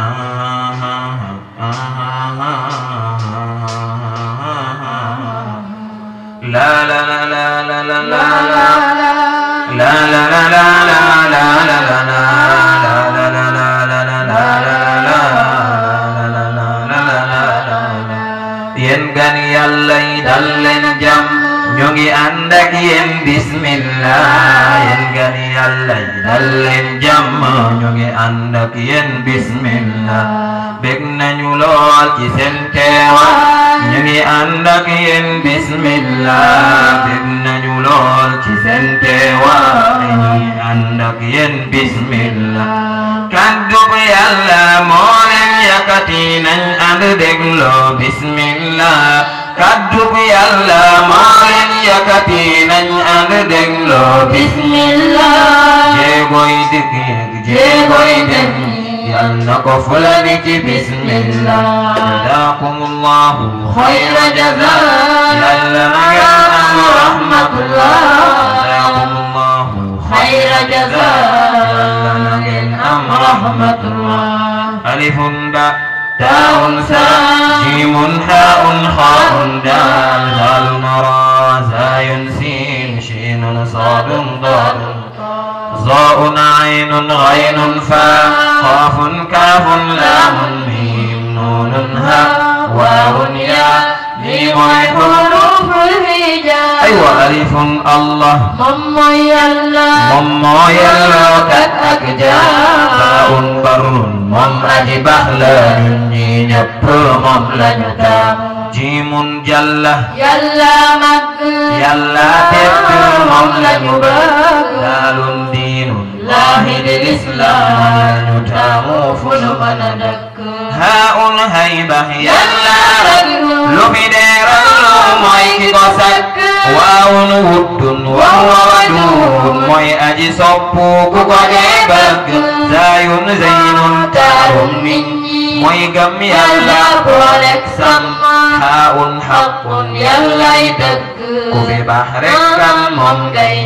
la la la la la la la la la la la la yéen gan yàlla yi dal leen jàmm ñu ngi ànd ak yéen bismillah yéen gan yàlla yi dal leen jàmm ñu lool ci seen ñu ngi ànd ak bismillah kaddu bu yàlla moo leen yakati nañ bismillah kaddu bu yàlla yëkkati nañ ànd dégloo bismillah jéegoy dikk yëg jéegoy dem yal na ko fulani ci bismillah jazaakumullahu xayra jazaa yàlla na ngeen am rahmatullah jazaakumullahu xayra jazaa yàlla na ngeen am rahmatullah alifun ba taawun saa jiimun xaa'un xaa'un daal زاي سين شين صاد ضاد ظاء عين غين فاء قاف كاف لام ميم نون هاء واو ياء ميم عقول aywa alif allah moom mooy yàlla kat ak jaam baun barun moom aji baax la ñun ñi ñëpp moom lañu taam jiimun jàlla yàlla mag yàlla tedd moom lañu bëgg laalun diinun laahi lil islaam ñu taamu fu ñu mën a dëkk haa un hayba yàlla lu fi dee mooy aji soppu ku ko dee bëgg zaayun zeynun mooy gëm yàlla booleeg sàmm xaawun xaqun yàllay dëgg ku fi baax rek kan moom ngay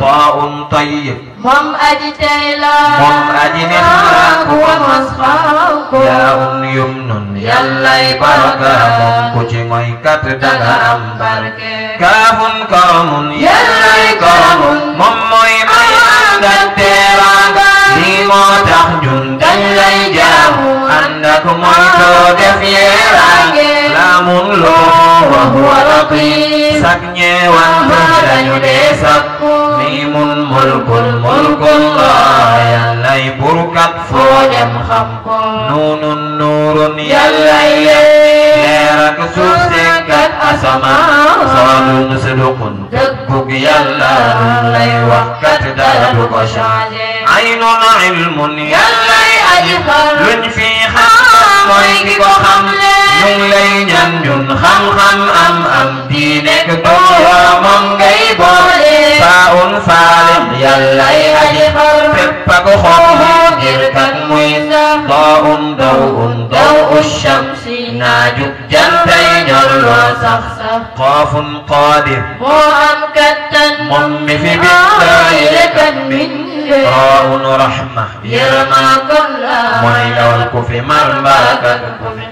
طاء طيب مم أدي تيلا مم أدي نخاك ومسخاك يا يمن يلا بركة مم كجي ميكات دغا أم بركة كاف كرم يلا كرم مم موي مي أندك تيرا لما تحجن دلي جام أندك ميتو دفيرا لام لو وهو رقيب سكني وانبه لنجي سكو xalimul mulkul mulkul laa yàllay burkat foo dem xam ko nuunun nuurun yàllay leer ak suuf sekkat asamaan saadun sidqun dëggug yàlla lay wax kat dara du ko changé aynun ilmun yàllay aji xam luñ fi xam mooy ki ko xam ñu ngi lay ñaan ñun xam-xam am am diine ak doom moom ngay boole un saalix yàlla aji fépp ak xob yi ngir kat muy boo un daw un daw u shamsi naajug jantay ñor loo sax sax xoofun qaadir moo am kattan moom mi fi bindaayi lekat min raawun rahma yërmaa kon la mooy lawal ku fi mar mbaakan ku fi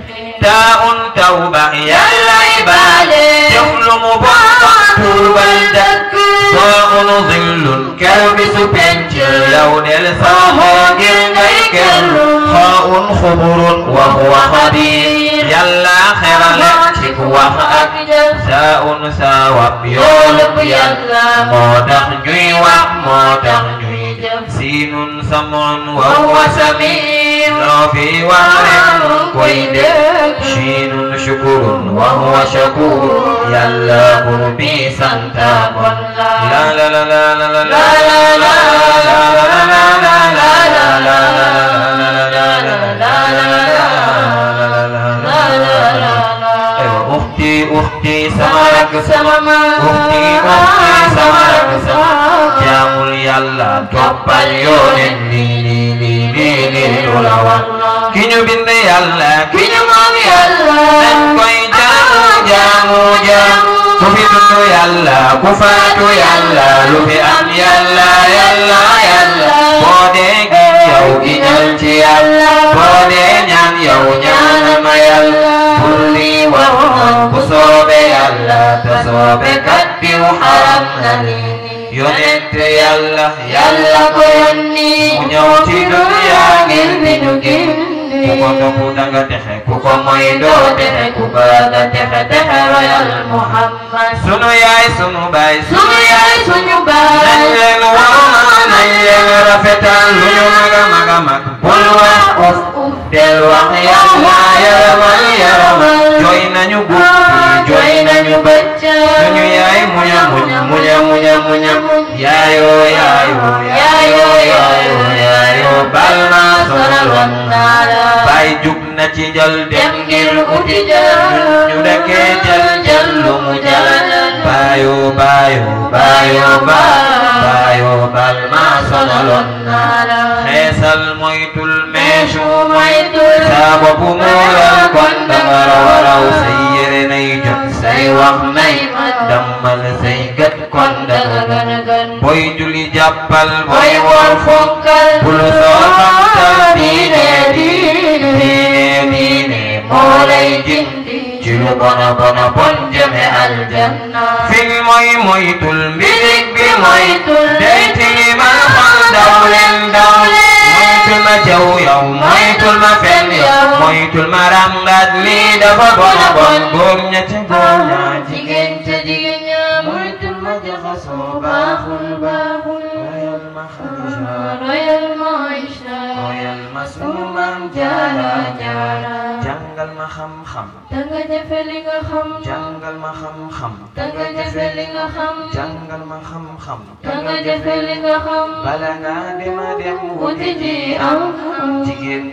taa un tawba yàlla kër bisu penc yow del saxoo ngir ngay kër xaun wa huwa xabiir yàlla xeral ci wax ak saun saawab yoolub yàlla moo tax ñuy wax moo tax ñuy jëf siinun samoon wa huwa samiir في وعر قيد شين شكر وهو شكور يلا قربي سانتا لا لا لا لا لا لا لا لا لا لا لا لا لا لا لا ukhti sama rakk sama maam ukhti ukhti sama rakk sama maam jaamul yàlla toppal yonent lii lii lii lii lii lu la wax ki ñu bind yàlla ki ñu moom yàlla dañ koy jaamu jaamu jaamu ku fi dund yàlla ku faatu yàlla lu fi am yàlla yàlla yàlla boo dee gi yow gi ñaan ci yàlla boo dee ñaan yow ñaan ma yàlla kulli waroon bu soobee yàlla te soobee kat biw xaram na lii yonente yàlla yàlla ko yónni mu ñëw ci dunya ngir bi ñu gindi ku ko topp danga texe ku ko moy doo texe ku bëgga texe texe royal muhammad sunu yaay sunu baay sunu yaay sunu baay nañ leen waroon nañ leen rafetal lu ñu maga maga mag del wax os del wax yàlla yaramal yaramal jooy na ci jël dem mu jël sumaytul sababu muural kon danga waraw say yére nay jot say wax nay mat dammal say gët kon danga gën a gën booy julli jàppal booy woor fokkal bul soo xamtal diine diine diine moo lay jindi ci lu bona bona bon jëme aljanna fil mooy moytul mbirig bi moytul day tilimal xol daw leen daw jaww yow moytul ma fenn yow moytul ma ràmbaat lii dafa bon bon góor ña ca góor ña jigéen ca jigéen ña moytul ma jaxasoo baaxul baaxul royal ma Xadija royal ma Aïcha royal ma sunu maam jaara jaara jàngal xam-xam. danga jëfe li nga xam. jàngal ma xam-xam. danga jëfe li nga xam. jàngal ma xam-xam. danga jëfe li nga xam. bala ngaa dem xam.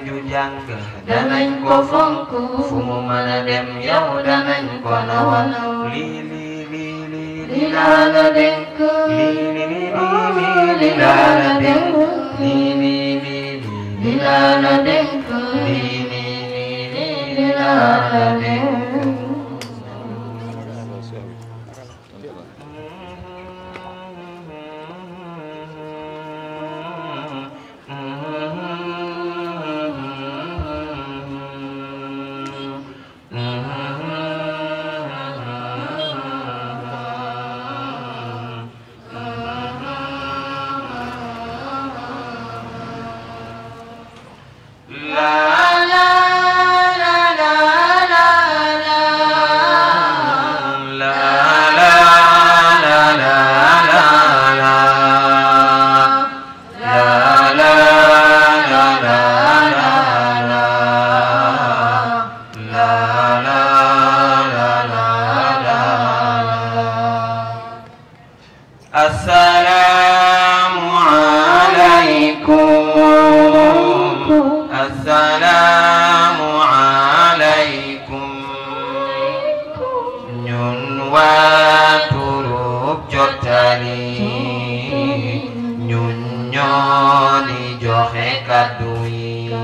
ju jàng. إله من waa turub jottali ñun ñoo di joxe kaddu yi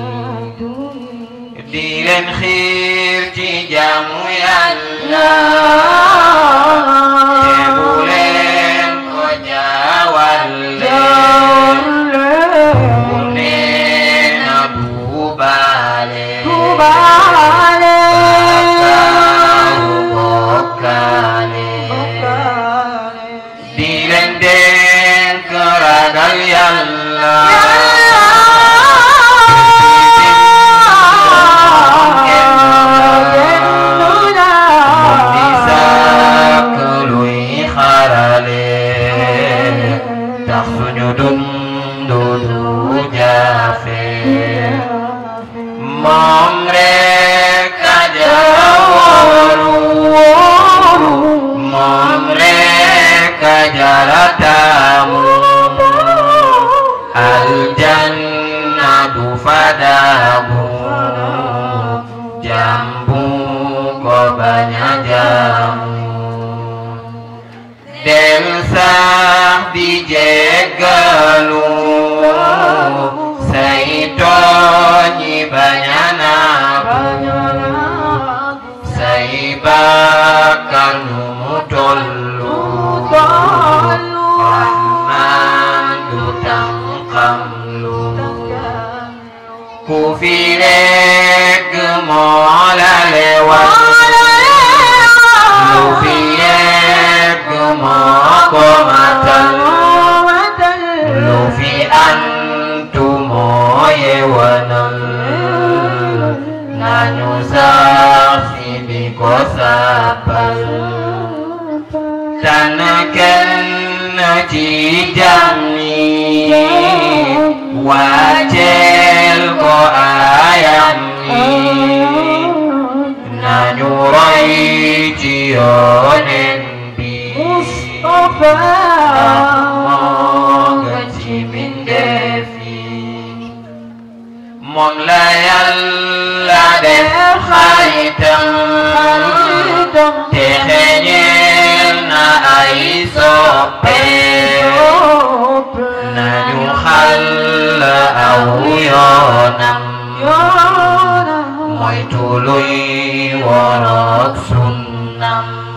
di leen xiir ci jaamu Yàlla شجرتهم الجنة فداب جنب قبل جام dem sax di jéggalu waajel ko ayam ni juray jiyonen bi Mustafa moo gën ci yi moom la Yàlla def xaritam te xeñeel na ay soppeem nañu xàll aw yoonam رأيت لي وراء السنة